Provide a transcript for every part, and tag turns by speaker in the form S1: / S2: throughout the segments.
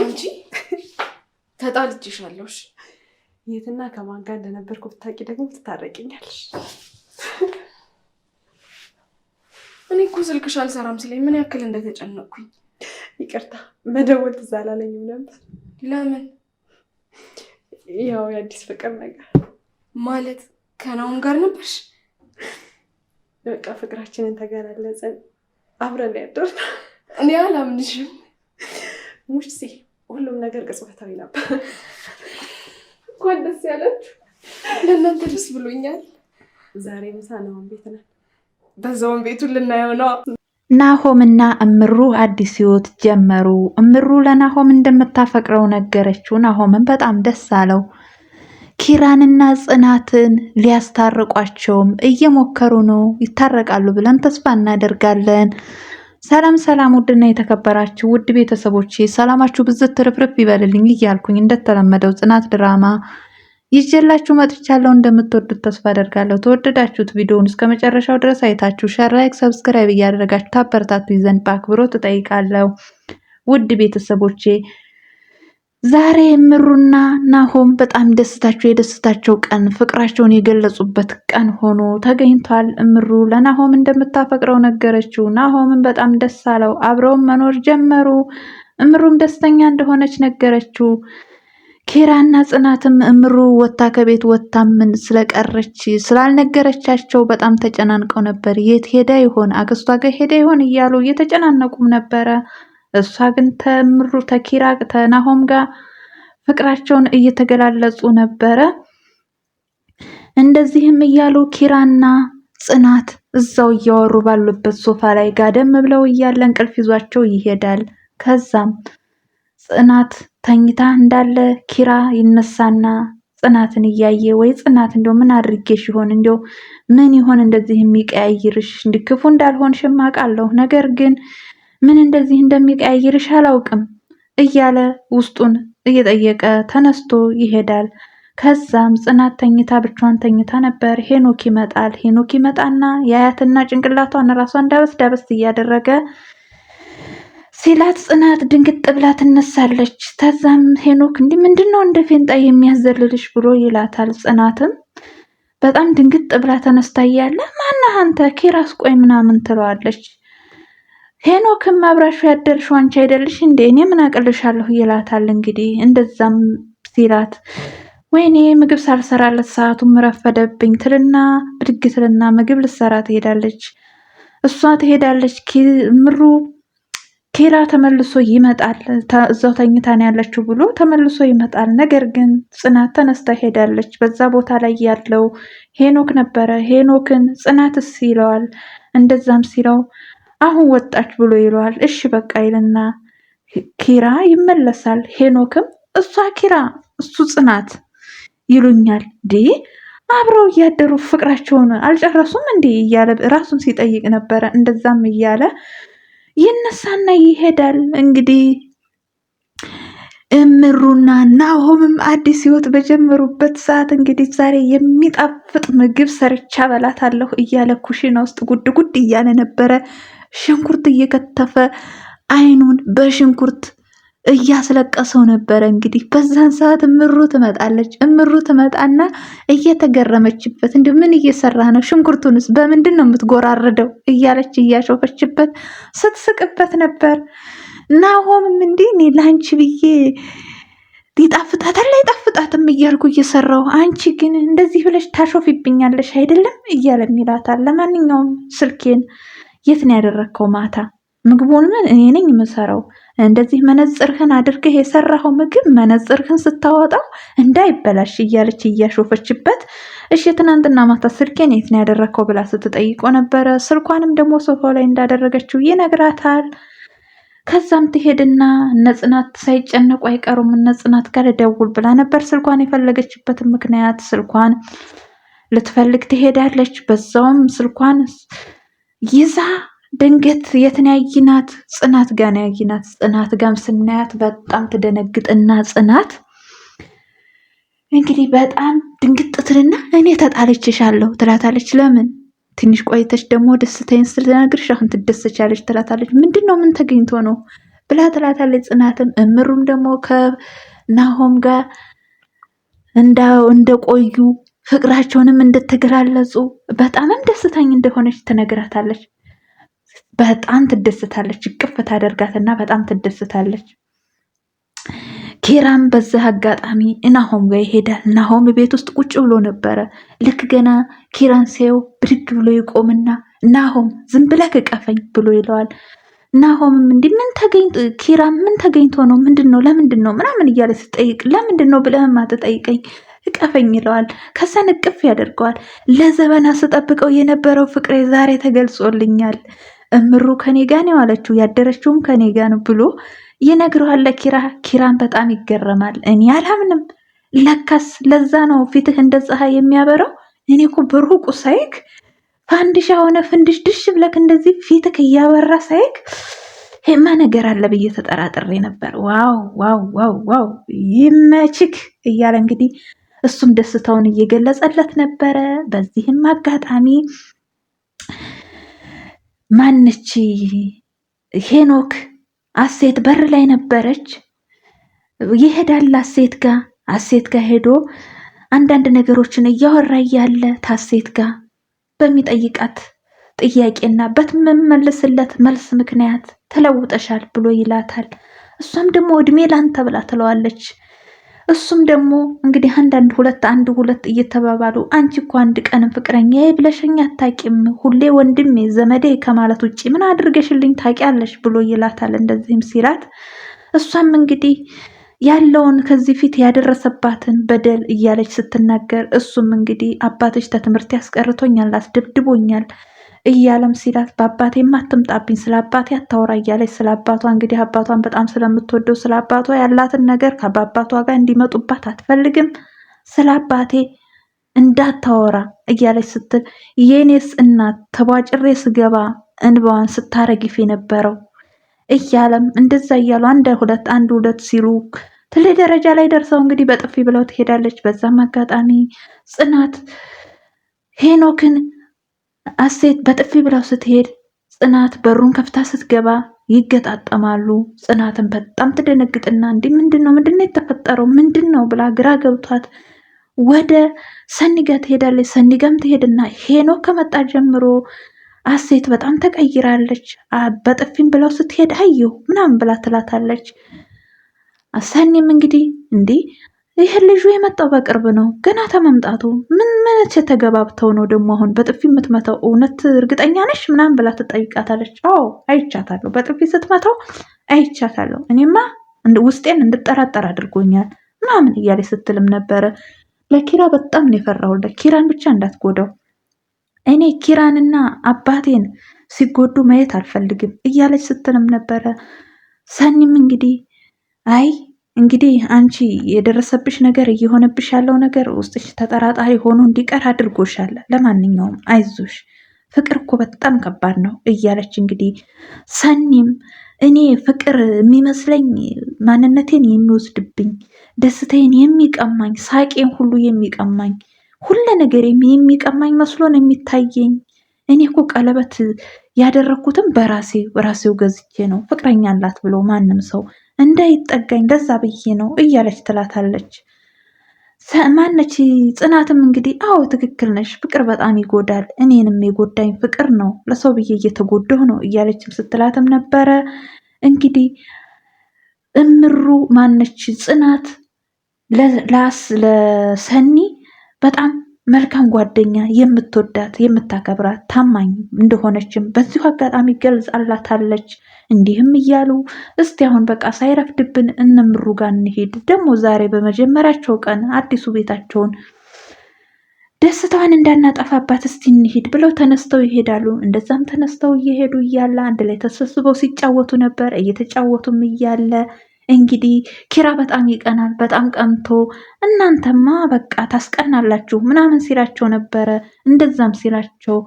S1: አንቺ ተጣልቼሻለሁ።
S2: የትና ከማን ጋር እንደነበርኩ ብታውቂ ደግሞ ትታረቂኛለሽ።
S1: እኔ እኮ ስልክሽ አልሰራም ሲለኝ ምን ያክል እንደተጨነቅኩኝ።
S2: ይቅርታ መደወል ትዝ አላለኝም ነበር። ለምን? ያው የአዲስ ፍቅር ነገር
S1: ማለት ከናውን ጋር ነበርሽ?
S2: በቃ ፍቅራችንን ተገላለጽን፣ አብረን ያደር።
S1: እኔ አላምንሽም
S2: ሙሽ ሁሉም ነገር ቅጽበታዊ ነበር።
S1: እንኳን ደስ ያላችሁ። ለእናንተ ደስ ብሎኛል።
S2: ዛሬ ምሳ ነው ቤት ነን።
S1: በዛውን ቤቱን ልናየው ነው።
S2: ናሆምና እምሩ አዲስ ህይወት ጀመሩ። እምሩ ለናሆም እንደምታፈቅረው ነገረችው። ናሆምን በጣም ደስ አለው። ኪራንና ጽናትን ሊያስታርቋቸውም እየሞከሩ ነው። ይታረቃሉ ብለን ተስፋ እናደርጋለን። ሰላም ሰላም፣ ውድና የተከበራችሁ ውድ ቤተሰቦቼ ሰላማችሁ ብዝት ትርፍርፍ ይበልልኝ እያልኩኝ እንደተለመደው ጽናት ድራማ ይዤላችሁ መጥቻለሁ። እንደምትወዱት ተስፋ አደርጋለሁ። ተወደዳችሁት ቪዲዮውን እስከ መጨረሻው ድረስ አይታችሁ ሸር፣ ላይክ፣ ሰብስክራይብ እያደረጋችሁ ታበረታቱ ይዘንድ በአክብሮት እጠይቃለሁ። ውድ ቤተሰቦቼ ዛሬ ምሩና ናሆም በጣም ደስታቸው የደስታቸው ቀን ፍቅራቸውን የገለጹበት ቀን ሆኖ ተገኝቷል። ምሩ ለናሆም እንደምታፈቅረው ነገረችው። ናሆምን በጣም ደስ አለው። አብረውም መኖር ጀመሩ። እምሩም ደስተኛ እንደሆነች ነገረችው። ኬራና ጽናትም እምሩ ወታ ከቤት ወታ ምን ስለቀረች ስላልነገረቻቸው በጣም ተጨናንቀው ነበር። የት ሄደ ይሆን አክስቷ ጋር ሄደ ይሆን እያሉ እየተጨናነቁም ነበረ። እሷ ግን ተምሩ ተኪራ ተናሆም ጋር ፍቅራቸውን እየተገላለጹ ነበረ። እንደዚህም እያሉ ኪራና ጽናት እዛው እያወሩ ባሉበት ሶፋ ላይ ጋደም ብለው እያለ እንቅልፍ ይዟቸው ይሄዳል። ከዛም ጽናት ተኝታ እንዳለ ኪራ ይነሳና ጽናትን እያየ ወይ ጽናት እንደው ምን አድርጌሽ ይሆን እንደው ምን ይሆን እንደዚህ የሚቀያይርሽ እንዲክፉ እንዳልሆንሽማ አውቃለሁ ነገር ግን ምን እንደዚህ እንደሚቀያይርሽ አላውቅም እያለ ውስጡን እየጠየቀ ተነስቶ ይሄዳል። ከዛም ጽናት ተኝታ ብቻዋን ተኝታ ነበር። ሄኖክ ይመጣል። ሄኖክ ይመጣና የአያትና ጭንቅላቷን ራሷን ዳበስ ዳበስ እያደረገ ሲላት ጽናት ድንግጥ ብላ ትነሳለች። ከዛም ሄኖክ እንዲህ ምንድን ነው እንደ ፌንጣ የሚያዘልልሽ ብሎ ይላታል። ጽናትም በጣም ድንግጥ ብላ ተነስታ እያለ ማና አንተ ቆይ ምናምን ትለዋለች። ሄኖክም አብራሹ ያደርሽው አንቺ አይደልሽ እንዴ? እኔ ምን አቅልሻለሁ ይላታል። እንግዲህ እንደዛም ሲላት ወይኔ ምግብ ሳልሰራለት ሰዓቱም ረፈደብኝ ትልና ብድግ ትልና ምግብ ልሰራ ትሄዳለች። እሷ ትሄዳለች። ምሩ ኬላ ተመልሶ ይመጣል። እዛው ተኝታ ነው ያለችው ብሎ ተመልሶ ይመጣል። ነገር ግን ጽናት ተነስታ ሄዳለች። በዛ ቦታ ላይ ያለው ሄኖክ ነበረ። ሄኖክን ጽናትስ ይለዋል። እንደዛም ሲለው አሁን ወጣች ብሎ ይለዋል። እሺ በቃ ይልና ኪራ ይመለሳል። ሄኖክም እሷ ኪራ እሱ ጽናት ይሉኛል ዲ አብረው እያደሩ ፍቅራቸውን አልጨረሱም እንዴ እያለ ራሱን ሲጠይቅ ነበረ። እንደዛም እያለ ይነሳና ይሄዳል። እንግዲህ እምሩና ናሆምም አዲስ ህይወት በጀመሩበት ሰዓት እንግዲህ ዛሬ የሚጣፍጥ ምግብ ሰርቻ በላታለሁ እያለ ኩሽና ውስጥ ጉድ ጉድ እያለ ነበረ። ሽንኩርት እየከተፈ አይኑን በሽንኩርት እያስለቀሰው ነበረ። እንግዲህ በዛን ሰዓት እምሩ ትመጣለች። እምሩ ትመጣና እየተገረመችበት እንዲ ምን እየሰራ ነው? ሽንኩርቱንስ በምንድን ነው የምትጎራርደው? እያለች እያሾፈችበት ስትስቅበት ነበር። ናሆምም እንዲህ እኔ ለአንቺ ብዬ ይጣፍጣታል አይጣፍጣትም እያልኩ እየሰራው፣ አንቺ ግን እንደዚህ ብለሽ ታሾፊብኛለሽ አይደለም እያለም ይላታል። ለማንኛውም ስልኬን የት ነው ያደረግከው? ማታ ምግቡን ምን እኔ ነኝ የምሰራው። እንደዚህ መነጽርህን አድርገህ የሰራኸው ምግብ መነጽርህን ስታወጣው እንዳይበላሽ እያለች እያሾፈችበት፣ እሺ ትናንትና ማታ ስልኬን የት ነው ያደረግከው ብላ ስትጠይቆ ነበረ። ስልኳንም ደግሞ ሶፋው ላይ እንዳደረገችው ይነግራታል። ከዛም ትሄድና ነጽናት ሳይጨነቁ አይቀሩም። ነጽናት ጋር ደውል ብላ ነበር ስልኳን የፈለገችበትን ምክንያት ስልኳን ልትፈልግ ትሄዳለች። በዛውም ስልኳን ይዛ ድንገት የትን ያይናት ጽናት ጋር ያይናት። ጽናት ጋም ስናያት በጣም ትደነግጥና ጽናት እንግዲህ በጣም ድንግጥ ትልና እኔ ተጣልቼሻለሁ ትላታለች። ለምን ትንሽ ቆይተች ደግሞ ደስታዬን ስለነግርሽ አሁን ትደሰቻለች ትላታለች። ምንድን ነው ምን ተገኝቶ ነው ብላ ትላታለች። ጽናትም እምሩም ደግሞ ከናሆም ጋር እንደቆዩ ፍቅራቸውንም እንድትገላለጹ በጣምም ደስተኝ እንደሆነች ትነግራታለች። በጣም ትደስታለች። እቅፍ ታደርጋትና በጣም ትደስታለች። ኬራም በዛ አጋጣሚ እናሆም ጋር ይሄዳል። እናሆም ቤት ውስጥ ቁጭ ብሎ ነበረ። ልክ ገና ኬራን ሲየው ብድግ ብሎ ይቆምና እናሆም ዝም ብለህ እቀፈኝ ብሎ ይለዋል። እናሆምም እንዲህ ምን ተገኝቶ ኬራም ምን ተገኝቶ ነው ምንድን ነው ለምንድን ነው ምናምን እያለ ስጠይቅ ለምንድን ነው ብለህም አትጠይቀኝ እቀፈኝ ይለዋል። ከዛን እቅፍ ያደርገዋል። ለዘመና ስጠብቀው የነበረው ፍቅሬ ዛሬ ተገልጾልኛል፣ እምሩ ከኔ ጋ ነው አለችው፣ ያደረችውም ከኔ ጋ ነው ብሎ ይነግረዋል ለኪራ። ኪራን በጣም ይገረማል። እኔ አላምንም፣ ለካስ ለዛ ነው ፊትህ እንደ ፀሐይ የሚያበራው። እኔ እኮ በሩቁ ሳይክ ፋንዲሻ ሆነ ፍንድሽ ድሽ ብለክ እንደዚህ ፊትክ እያበራ ሳይክ ሄማ ነገር አለ ብዬ ተጠራጥሬ ነበር። ዋው ዋው ዋው ዋው ይመችክ እያለ እንግዲህ እሱም ደስታውን እየገለጸለት ነበረ። በዚህም አጋጣሚ ማነች ሄኖክ አሴት በር ላይ ነበረች። ይሄዳል አሴት ጋ አሴት ጋ ሄዶ አንዳንድ ነገሮችን እያወራ እያለ ታሴት ጋ በሚጠይቃት ጥያቄና በምመልስለት መልስ ምክንያት ተለውጠሻል ብሎ ይላታል። እሷም ደግሞ እድሜ ላንተ ብላ ትለዋለች። እሱም ደግሞ እንግዲህ አንዳንድ ሁለት አንድ ሁለት እየተባባሉ አንቺ እኮ አንድ ቀንም ፍቅረኛ ብለሽኝ አታቂም፣ ሁሌ ወንድሜ ዘመዴ ከማለት ውጭ ምን አድርገሽልኝ ታቂያለሽ ብሎ ይላታል። እንደዚህም ሲላት እሷም እንግዲህ ያለውን ከዚህ ፊት ያደረሰባትን በደል እያለች ስትናገር እሱም እንግዲህ አባትሽ ተትምህርት ያስቀርቶኛል፣ አስደብድቦኛል እያለም ሲላት በአባቴ የማትምጣብኝ ስለ አባቴ አታወራ እያለች ስለ አባቷ እንግዲህ አባቷን በጣም ስለምትወደው ስለ አባቷ ያላትን ነገር ከአባቷ ጋር እንዲመጡባት አትፈልግም። ስለ አባቴ እንዳታወራ እያለች ስትል የኔስ እናት ተቧጭሬ ስገባ እንባዋን ስታረግፍ የነበረው እያለም እንደዛ እያሉ አንድ ሁለት አንድ ሁለት ሲሉ ትልቅ ደረጃ ላይ ደርሰው እንግዲህ በጥፊ ብለው ትሄዳለች። በዛም አጋጣሚ ጽናት ሄኖክን አሴት በጥፊ ብላው ስትሄድ ጽናት በሩን ከፍታ ስትገባ ይገጣጠማሉ። ጽናትን በጣም ትደነግጥና እንዲህ ምንድን ነው ምንድን ነው የተፈጠረው ምንድን ነው ብላ ግራ ገብቷት ወደ ሰኒጋ ትሄዳለች። ሰኒጋም ትሄድና ሄኖ ከመጣ ጀምሮ አሴት በጣም ተቀይራለች፣ በጥፊም ብለው ስትሄድ አየሁ ምናምን ብላ ትላታለች። ሰኒም እንግዲህ እንዲህ ይህ ልጁ የመጣው በቅርብ ነው ገና ተመምጣቱ። ምን ምንች የተገባብተው ነው ደግሞ አሁን በጥፊ የምትመታው? እውነት እርግጠኛ ነሽ ምናምን ብላ ትጠይቃታለች። አዎ አይቻታለሁ፣ በጥፊ ስትመታው አይቻታለሁ። እኔማ ውስጤን እንድጠራጠር አድርጎኛል ምናምን እያለ ስትልም ነበረ። ለኪራ በጣም ነው የፈራሁለት። ኪራን ብቻ እንዳትጎዳው እኔ ኪራንና አባቴን ሲጎዱ ማየት አልፈልግም እያለች ስትልም ነበረ። ሰኒም እንግዲህ አይ እንግዲህ አንቺ የደረሰብሽ ነገር እየሆነብሽ ያለው ነገር ውስጥሽ ተጠራጣሪ ሆኖ እንዲቀር አድርጎሻል። ለማንኛውም አይዞሽ ፍቅር እኮ በጣም ከባድ ነው እያለች እንግዲህ ሰኒም እኔ ፍቅር የሚመስለኝ ማንነቴን የሚወስድብኝ፣ ደስታዬን የሚቀማኝ፣ ሳቄን ሁሉ የሚቀማኝ፣ ሁለ ነገር የሚቀማኝ መስሎን የሚታየኝ እኔ እኮ ቀለበት ያደረግኩትም በራሴ ራሴው ገዝቼ ነው ፍቅረኛ አላት ብሎ ማንም ሰው እንዳይጠጋኝ ለዛ ብዬ ነው እያለች ትላታለች። ማነች ጽናትም እንግዲህ አዎ ትክክል ነሽ፣ ፍቅር በጣም ይጎዳል፣ እኔንም የጎዳኝ ፍቅር ነው፣ ለሰው ብዬ እየተጎዳሁ ነው እያለችም ስትላትም ነበረ። እንግዲህ እምሩ ማነች ጽናት ለሰኒ በጣም መልካም ጓደኛ፣ የምትወዳት የምታከብራት ታማኝ እንደሆነችም በዚሁ አጋጣሚ ገልጽ አላታለች። እንዲህም እያሉ እስቲ አሁን በቃ ሳይረፍድብን እነምሩ ጋር እንሄድ። ደግሞ ዛሬ በመጀመሪያቸው ቀን አዲሱ ቤታቸውን ደስታዋን እንዳናጠፋባት እስቲ እንሄድ ብለው ተነስተው ይሄዳሉ። እንደዛም ተነስተው እየሄዱ እያለ አንድ ላይ ተሰብስበው ሲጫወቱ ነበር። እየተጫወቱም እያለ እንግዲህ ኪራ በጣም ይቀናል፣ በጣም ቀምቶ እናንተማ በቃ ታስቀናላችሁ ምናምን ሲላቸው ነበረ። እንደዛም ሲላቸው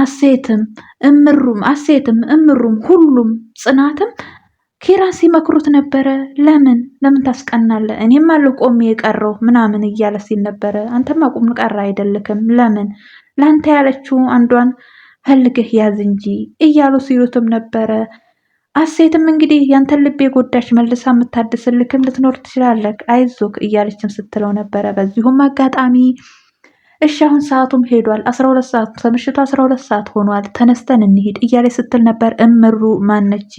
S2: አሴትም እምሩም አሴትም እምሩም ሁሉም ጽናትም ኪራ ሲመክሩት ነበረ። ለምን ለምን ታስቀናለ እኔም አለው ቆሜ የቀረው ምናምን እያለ ሲል ነበረ። አንተማ ቁም ቀራ አይደልክም? ለምን ለአንተ ያለችው አንዷን ፈልግህ ያዝ እንጂ እያሉ ሲሉትም ነበረ። አሴትም እንግዲህ ያንተን ልብ የጎዳች መልሳ የምታድስልክም ልትኖር ትችላለህ፣ አይዞክ እያለችም ስትለው ነበረ። በዚሁም አጋጣሚ እሺ አሁን ሰዓቱም ሄዷል፣ አስራ ሁለት ሰዓት ከምሽቱ አስራ ሁለት ሰዓት ሆኗል፣ ተነስተን እንሄድ እያለች ስትል ነበር። እምሩ ማነች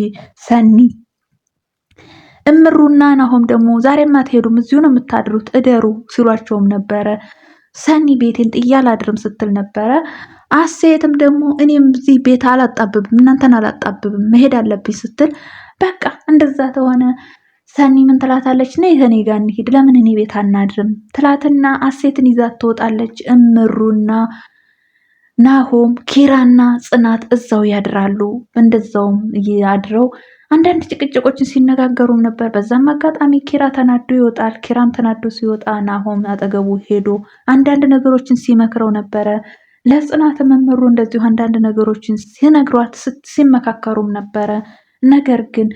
S2: ሰኒ እምሩና ናሆም ደግሞ ዛሬም አትሄዱም እዚሁ ነው የምታድሩት እደሩ ሲሏቸውም ነበረ። ሰኒ ቤቴን ጥያ አላድርም ስትል ነበረ። አሴትም ደግሞ እኔም እዚህ ቤት አላጣብብም፣ እናንተን አላጣብብም፣ መሄድ አለብኝ ስትል በቃ እንደዛ ተሆነ። ሰኒ ምን ትላታለች? ነይ ከኔ ጋር እንሂድ፣ ለምን እኔ ቤት አናድርም ትላትና አሴትን ይዛት ትወጣለች። እምሩና ናሆም ኪራና ጽናት እዛው ያድራሉ። እንደዛውም ያድረው አንዳንድ ጭቅጭቆችን ሲነጋገሩም ነበር። በዛም አጋጣሚ ኪራ ተናዶ ይወጣል። ኪራን ተናዶ ሲወጣ ናሆም አጠገቡ ሄዶ አንዳንድ ነገሮችን ሲመክረው ነበረ። ለጽናት መምሩ እንደዚሁ አንዳንድ ነገሮችን ሲነግሯት ሲመካከሩም ነበረ። ነገር ግን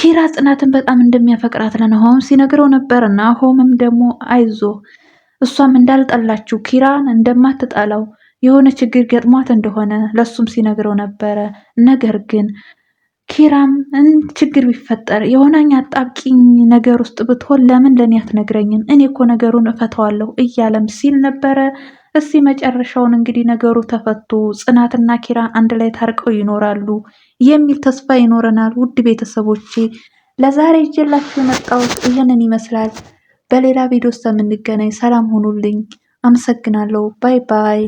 S2: ኪራ ጽናትን በጣም እንደሚያፈቅራት ለናሆም ሲነግረው ነበር። ናሆምም ደግሞ አይዞ እሷም እንዳልጠላችው ኪራን እንደማትጠላው የሆነ ችግር ገጥሟት እንደሆነ ለሱም ሲነግረው ነበረ። ነገር ግን ኪራም ችግር ቢፈጠር የሆነኝ አጣብቂኝ ነገር ውስጥ ብትሆን ለምን ለእኔ አትነግረኝም? እኔ እኮ ነገሩን እፈተዋለሁ እያለም ሲል ነበረ። እስቲ መጨረሻውን እንግዲህ ነገሩ ተፈቶ ጽናትና ኪራ አንድ ላይ ታርቀው ይኖራሉ የሚል ተስፋ ይኖረናል። ውድ ቤተሰቦቼ ለዛሬ ይዤላችሁ የመጣሁት ይህንን ይመስላል። በሌላ ቪዲዮ እስከምንገናኝ ሰላም ሁኑልኝ። አመሰግናለሁ። ባይ ባይ